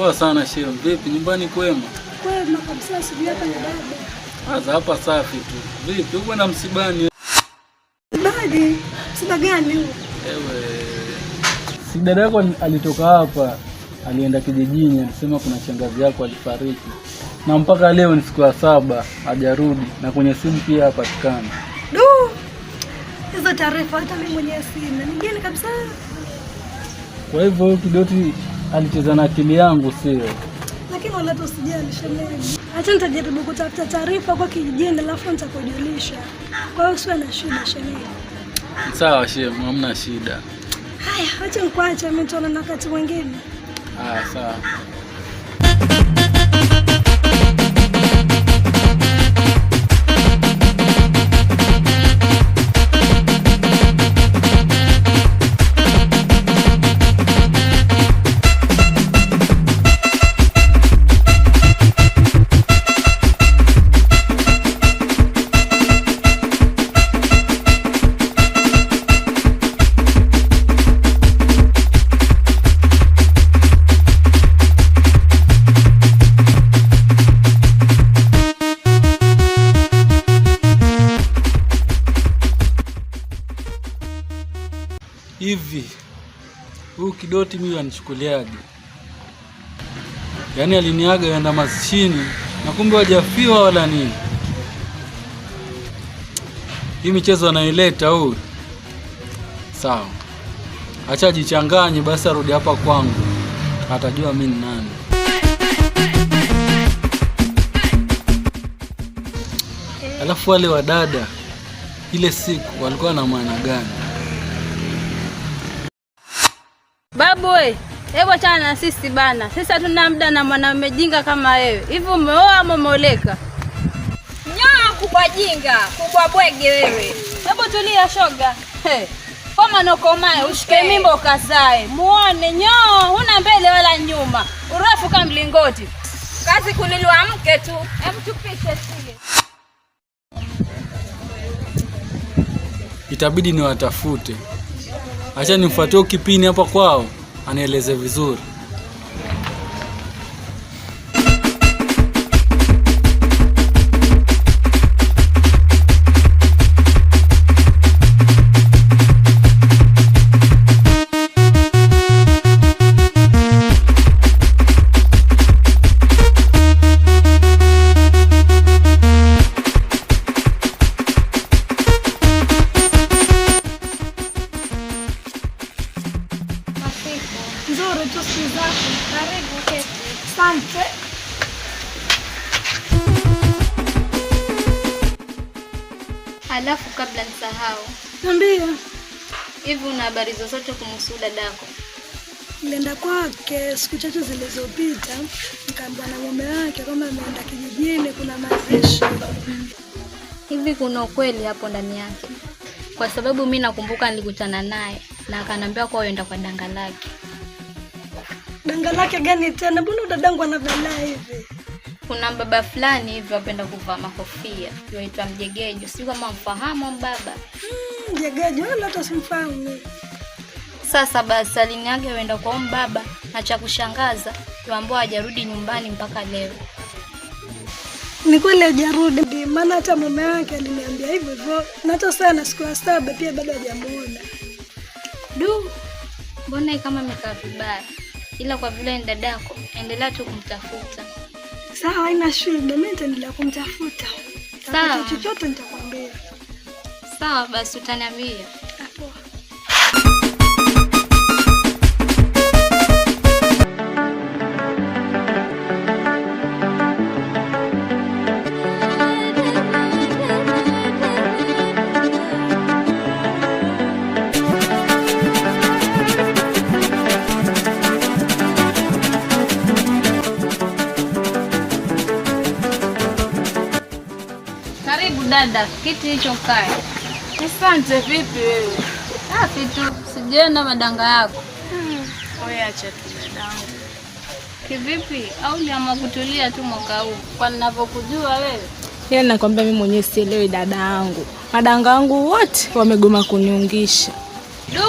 Poa sana shem, vipi nyumbani kwema? Kwema kabisa, sijui hapa ni baba. Sasa hapa safi tu. Vipi uko na msibani? Msibani? Msiba gani huo? Ewe. Si dada yako alitoka hapa, alienda kijijini, alisema kuna shangazi yako alifariki. Na mpaka leo ni siku ya saba hajarudi na kwenye simu pia hapatikani. Du! Hizo taarifa hata mimi mwenyewe sina. Ni geni kabisa. Kwa hivyo kidoti alicheza na akili yangu, sio? Lakini wala usijali shemeji, acha nitajaribu kutafuta taarifa kwa kijijini, alafu nitakujulisha. Kwa hiyo usiwe na shida shemeji. Sawa shemu, hamna shida. Haya, acha nikuache, mimi nitaona na wakati mwingine. Haya, ah, sawa. yote mimi anichukuliaga, yaani aliniaga yenda maskini na kumbe wajafiwa wala nini. Hii michezo anaileta huyu. Sawa, acha jichanganye basi, arudi hapa kwangu, atajua mimi ni nani. Alafu wale wadada ile siku walikuwa na maana gani? we, hebu achana na sisi bana, sisi hatuna muda na mwanaume jinga kama wewe. Hivi umeoa ama umeoleka? Nyoa kubwa jinga kubwa bwege wewe. Hebu tulia shoga. Hey. Koma nokomae ushike mimba ukazae, muone nyoo, huna mbele wala nyuma, urefu kama mlingoti, kazi kuliliwa mke tu. Hebu tupishe sile, itabidi niwatafute. Acha nimfuatie ukipini hapa kwao. an Elisa Visur. siku chache zilizopita nikaambiwa na mume wake kwamba ameenda kijijini, kuna mazishi hivi. Kuna ukweli hapo ndani yake, kwa sababu mi nakumbuka nilikutana naye na akaniambia kuwa yenda kwa danga lake. Danga lake gani tena? Mbona dadangu anavalaa hivi? Kuna baba fulani hivi wapenda kuvaa makofia, waitwa Mjegejo, si kama mfahamu baba hmm, Mjegejo wala hata simfahamu. Sasa basi salini yake kwa mbaba na cha kushangaza ambao hajarudi nyumbani mpaka leo. Ni kweli hajarudi, maana hata mume wake aliniambia hivyo hivyo, na hata sana siku ya saba pia bado hajamuona. Du, mbona kama amekaa vibaya, ila kwa vile ni dadako, endelea tu kumtafuta. Sawa, haina shida, mimi nitaendelea kumtafuta. Sawa, chochote nitakwambia. Sawa basi, utaniambia. dada, kiti hicho kae. Asante. Vipi wewe? Safi tu, sijaenda madanga yako. Wewe hmm, acha tu dadangu. Kivipi au niamua kutulia tu mwaka huu kwa ninavyokujua wewe? Yaani nakwambia mimi mwenyewe sielewi dada yangu, madanga wangu wote wamegoma kuniungisha. Du,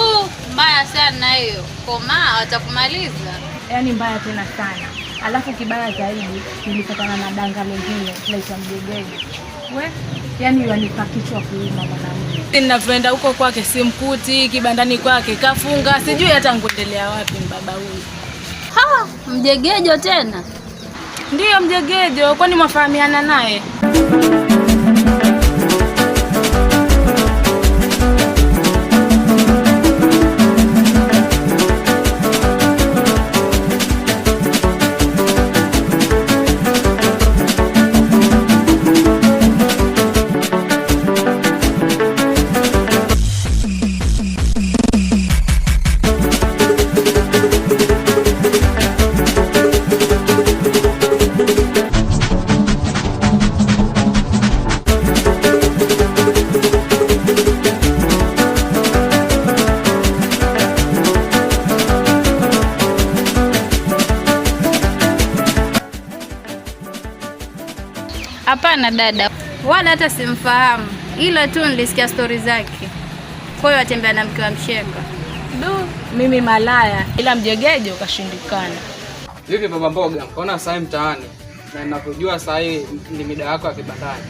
mbaya sana hiyo. Komaa watakumaliza. Yaani mbaya tena sana, alafu kibaya zaidi nilipatana na danga mengine naitwa Mjegege we, yani wanipa kichwa kuuma mwanamke. Ninavyoenda huko kwake simkuti, kibandani kwake kafunga, sijui hata nguendelea wapi mbaba huyu. Ha, mjegejo tena. Ndiyo mjegejo, kwani mwafahamiana naye? sana dada, wala hata simfahamu, ila tu nilisikia stori zake. Kwa hiyo atembea na mke wa mshenga. Du, mimi malaya, ila mjegeje ukashindikana. hivi. baba mboga, kaona saa hii mtaani na ninakujua saa hii ni mida yako ya kibandani.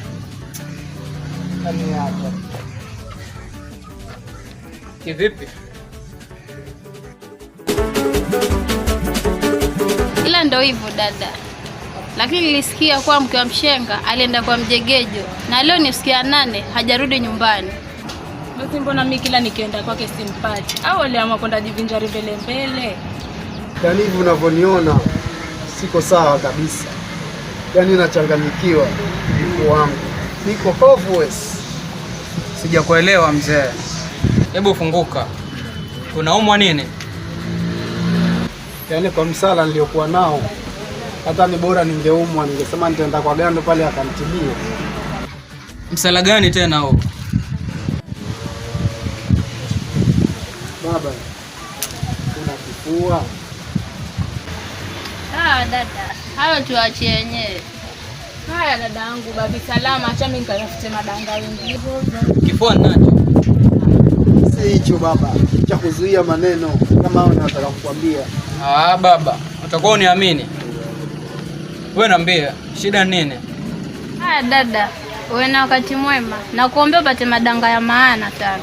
Kivipi? Ila ndo hivyo dada lakini nilisikia kuwa mke wa mshenga alienda kwa mjegejo na leo ni ya nane hajarudi nyumbani. Basi mbona mimi kila nikienda kwake simpati? Au aliamua kwenda jivinjari mbele mbele? Yaani hivi unavyoniona siko sawa kabisa, yaani nachanganyikiwa mkuu wangu, niko hofu. Sijakuelewa mzee, hebu funguka, unaumwa nini? Yaani kwa msala niliokuwa nao hata ni bora ningeumwa, ningesema nitaenda kwa Gando pale akamtibia. Msala gani tena huo baba? Kuna kifua ah, dada, hayo tuachie yenyewe. Haya dada yangu babi salama, acha mimi nikatafute madanga wengine. Kifua nacho si hicho baba, cha kuzuia maneno kama hao nataka kukwambia. Ah baba, utakuwa uniamini wewe niambie, shida nini? Haya dada, uwe na wakati mwema, nakuombea upate madanga ya maana sana.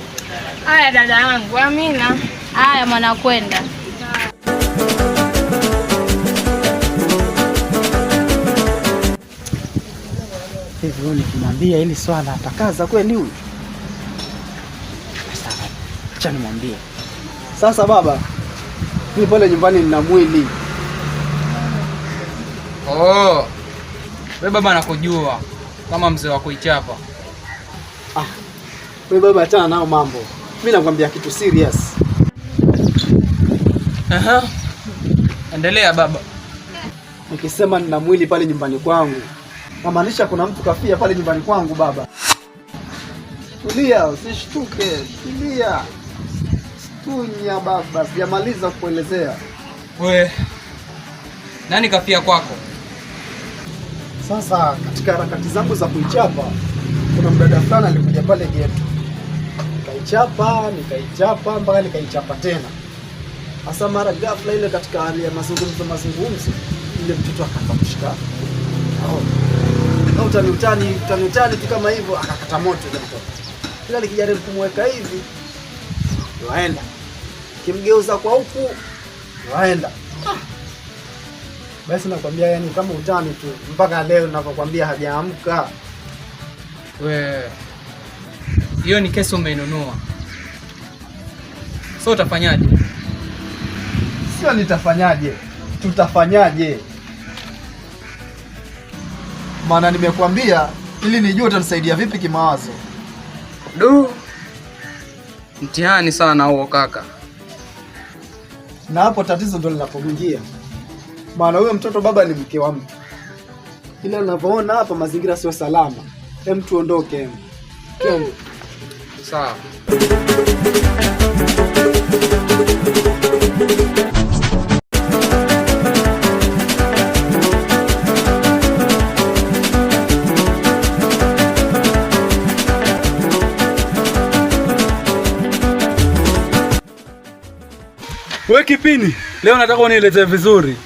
Haya dada yangu, amina. Haya mwana, kwenda hivi. Huyu nikimwambia hili swala atakaza kweli huyu? Acha nimwambie sasa. Baba, mimi pale nyumbani nina mwili Oh. Wewe baba nakujua kama mzee wa kuichapa. Ah. Wewe baba achana nao mambo. Mimi nakwambia kitu serious. Aha. Endelea baba. Nikisema nina mwili pale nyumbani kwangu namaanisha kuna mtu kafia pale nyumbani kwangu baba. Tulia, usishtuke. Tulia. Tunya baba, sijamaliza kuelezea. We. Nani kafia kwako? Sasa katika harakati zangu za kuichapa, kuna mdada fulani alikuja pale geto, nikaichapa nikaichapa mpaka nikaichapa tena. Sasa mara ghafla ile, katika hali ya mazungumzo mazungumzo, ile mtoto akaanza kushika au utani utani utani utani tu kama hivyo, akakata moto ile mtoto, kila nikijaribu kumweka hivi waenda, kimgeuza kwa huku waenda ah. Basi nakwambia, yani kama utani tu, mpaka leo navyokwambia hajaamka. We, hiyo ni kesi umeinunua, so utafanyaje? Sio nitafanyaje, tutafanyaje? Maana nimekwambia ili nijue utanisaidia vipi kimawazo. Du, mtihani sana huo kaka, na hapo tatizo ndo linapoingia maana huyo mtoto baba ni mke wa mtu, ila unavyoona hapa mazingira sio salama. Hem, tuondoke hem. Sawa. We kipini, leo nataka unieleze vizuri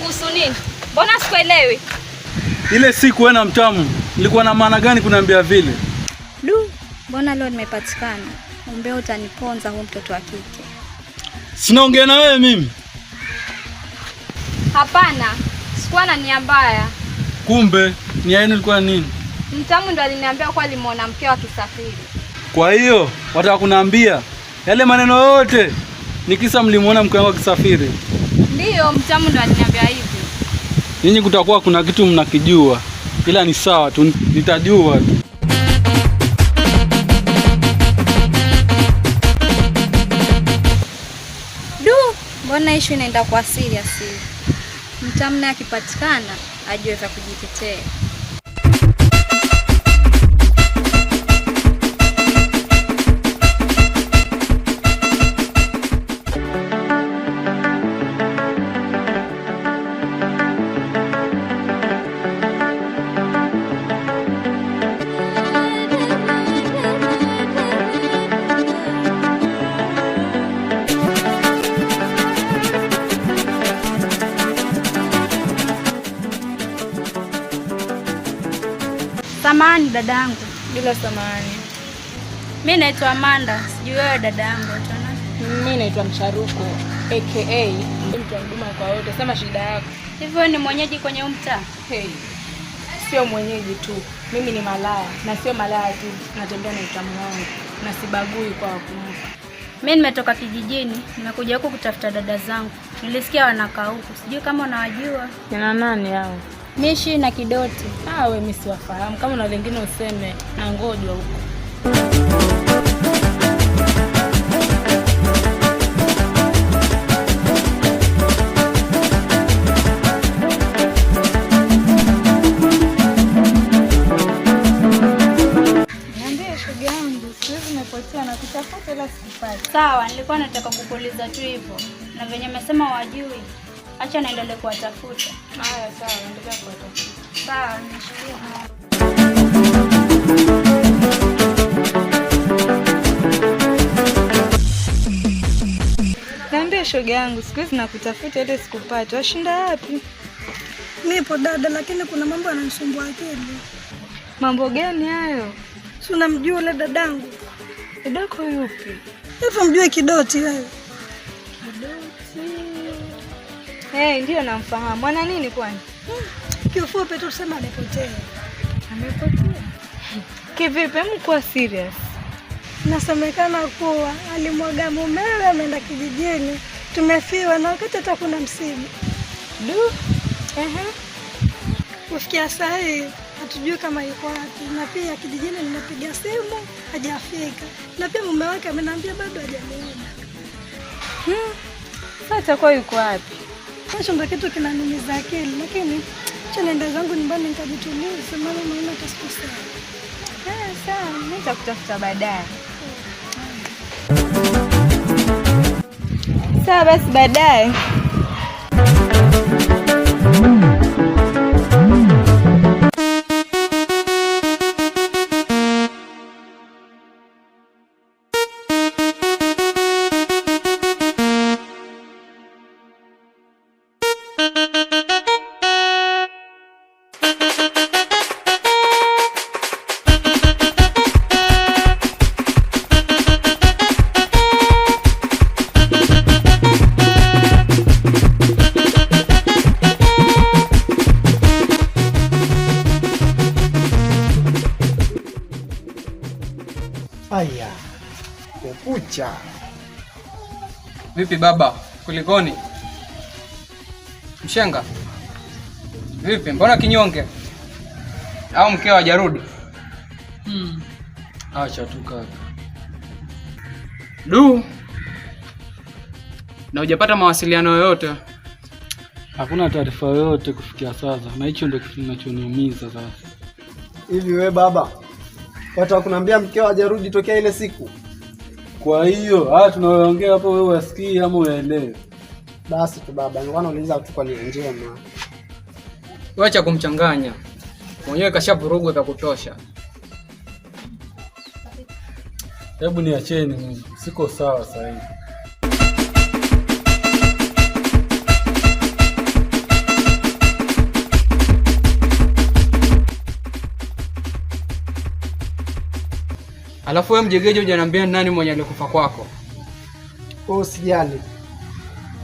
kuhusu nini? Mbona sikuelewi? Ile siku wewe na mtamu ilikuwa na maana gani kuniambia vile? Du, mbona leo nimepatikana? Umbea utaniponza huu mtoto wa kike. Sinaongea na wewe mimi. Hapana, sikuwa na nia mbaya. Kumbe nia yenu ilikuwa nini? Mtamu ndo aliniambia kwa limona mke wa Kisafiri. Kwa hiyo wataka kuniambia yale maneno yote ni kisa mlimuona mke wangu akisafiri? Ndiyo, mtamu ndo aliniambia hivi. Nyinyi kutakuwa kuna kitu mnakijua, ila ni sawa tu, nitajua tu. Du, mbona ishu inaenda kwa serious? Mtamu naye akipatikana ajue za kujitetea. dadangu bila samani. Mimi naitwa Amanda, sijui wewe dada yangu. Mimi naitwa msharuku aka mtu wa huduma kwa wote. Sema shida yako. Hivyo ni mwenyeji kwenye mtaa? Hey. Sio mwenyeji tu, mimi ni malaya na sio malaya tu, natembea na utamu wangu na sibagui kwa wakumua. Mimi nimetoka kijijini, nimekuja huku kutafuta dada zangu, nilisikia wanakaa huku, sijui kama unawajua. Kina nani hao? Mishi na Kidoti. Ah, we mimi siwafahamu, kama na wengine useme na ngojwa huko. Sawa, nilikuwa nataka kukuuliza tu hivyo, na venye mesema wajui Acha naendelee kuwatafuta. Haya, sawa, endelea kuwatafuta. Sawa, nishikilie. Niambie shoga yangu, siku hizi nakutafuta ile sikupata, washinda wapi? Nipo dada, lakini kuna mambo yananisumbua akili. Mambo gani hayo? Si unamjua yule dadangu? Dadako yupi? Hivyo mjue kidoti wewe. Eh, ndio namfahamu. Mwana nini kwani? Kiufupi tu tuseme amepotea. Amepotea. Kivipi, mko serious? Nasemekana kuwa alimwaga mumewe ameenda kijijini, tumefiwa na wakati hata kuna msiba. Du. Ehe. Kufikia saa hii hatujui kama yuko wapi, na pia kijijini nimepiga simu hajafika, na pia mume wake ameniambia bado hajamuona. Hmm. Sasa kwa yuko wapi? kesho ndo kitu kinanimiza akili, lakini cha nenda zangu nyumbani nikajituliza, maana maana utakosea. Eh, sawa, nitakutafuta baadaye. Sawa basi, baadaye. kucha. Vipi baba, kulikoni? Mshenga vipi, mbona kinyonge? Au mkeo hajarudi? Hmm. Acha tu kaka. Du, na hujapata mawasiliano yoyote? Hakuna taarifa yoyote kufikia sasa, na hicho ndio kitu kinachoniumiza sasa. Hivi we baba, watu wakunaambia mkeo hajarudi tokea ile siku? Kwa hiyo haya ah, tunayoongea hapo, wewe wasikii ama uyaelewe basi tu baba. Nilikuwa nauliza tu kwa nia njema, wacha kumchanganya mwenyewe, kashavurugwa za kutosha. Hebu niacheni, siko sawa sasa hivi. Alafu wewe mjegeje hujaniambia nani mwenye alikufa kwako? Usijali,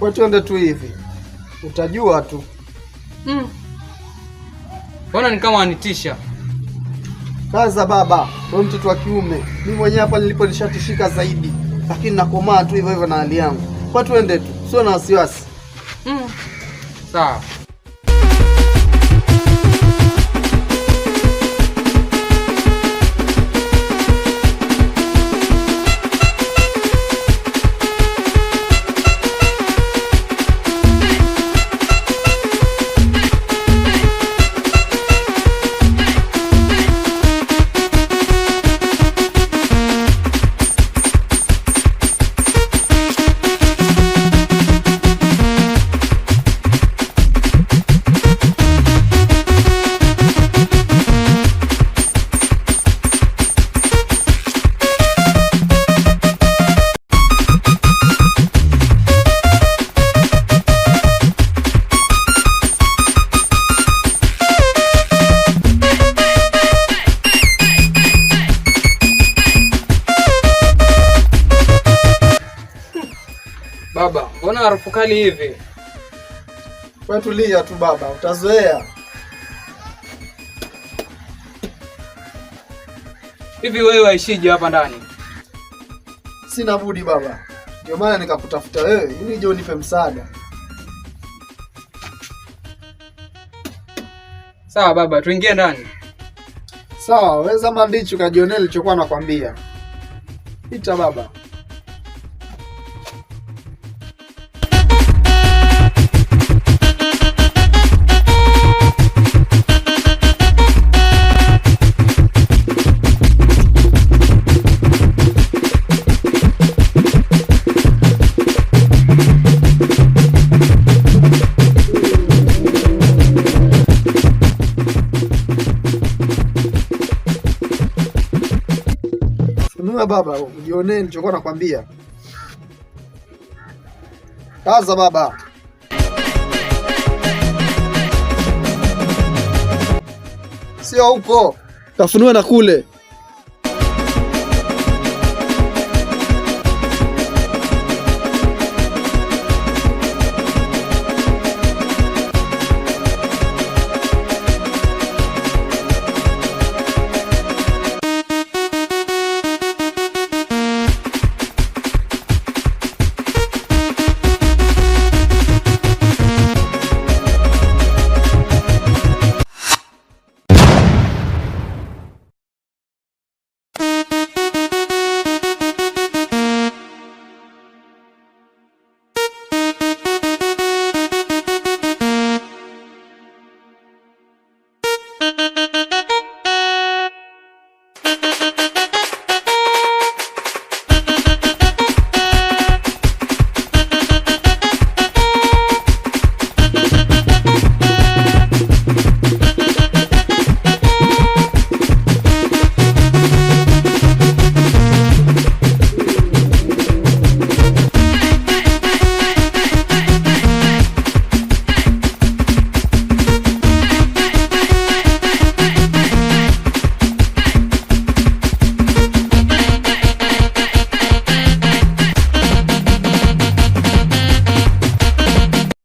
we tuende tu hivi, utajua tu. Hmm. Mbona mm, ni kama anitisha. Kaza baba, we mtoto wa kiume. Mi mwenyewe hapa nilipo nishatishika zaidi, lakini nakomaa tu hivyo hivyo na hali yangu. Kwa tuende tu, sio na wasiwasi. Mm, sawa. ni hivi? Wewe tulia tu baba, utazoea. Hivi wewe waishije hapa ndani? Sina budi baba, ndio maana nikakutafuta wewe ili uje unipe msaada. Sawa baba, tuingie ndani. Sawa, weza mandichi ukajionea nilichokuwa nakwambia. Ita baba. baba, ujionee nilichokuwa nakwambia. Kaza baba. Sio huko. Tafunua na kule.